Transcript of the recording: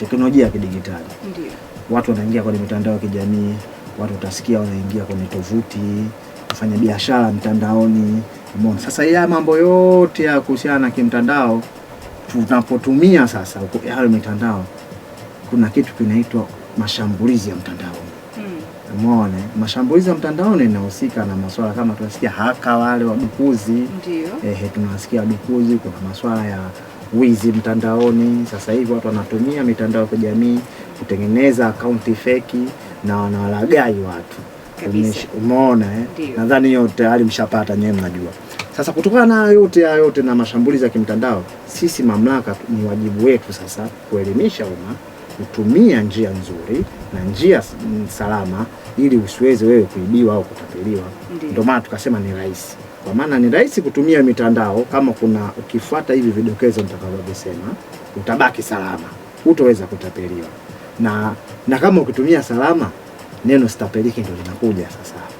teknolojia ya kidigitali ndio watu wanaingia kwenye mitandao ya kijamii, watu utasikia wanaingia kwenye tovuti kufanya biashara mtandaoni. Umeona sasa, haya mambo yote ya kuhusiana na kimtandao tunapotumia sasa hayo mitandao, kuna kitu kinaitwa mashambulizi ya mtandaoni. Hmm. Umeona, mashambulizi ya mtandaoni yanahusika na masuala kama tunasikia haka wale wadukuzi, ehe, tunawasikia wadukuzi, kuna masuala ya wizi mtandaoni. Sasa hivi watu wanatumia mitandao ya kijamii kutengeneza akaunti feki na wanawalagai watu. Umeona eh? Nadhani hiyo tayari mshapata nyewe, mnajua. Sasa kutokana na yote hayo yote na mashambulizi ya kimtandao, sisi mamlaka, ni wajibu wetu sasa kuelimisha umma kutumia njia nzuri na njia salama, ili usiweze wewe kuibiwa au kutapeliwa. Ndio maana tukasema ni rahisi kwa maana ni rahisi kutumia mitandao kama kuna ukifuata hivi vidokezo nitakavyosema, utabaki salama, hutoweza kutapeliwa na, na kama ukitumia salama neno sitapeliki ndio linakuja sasa.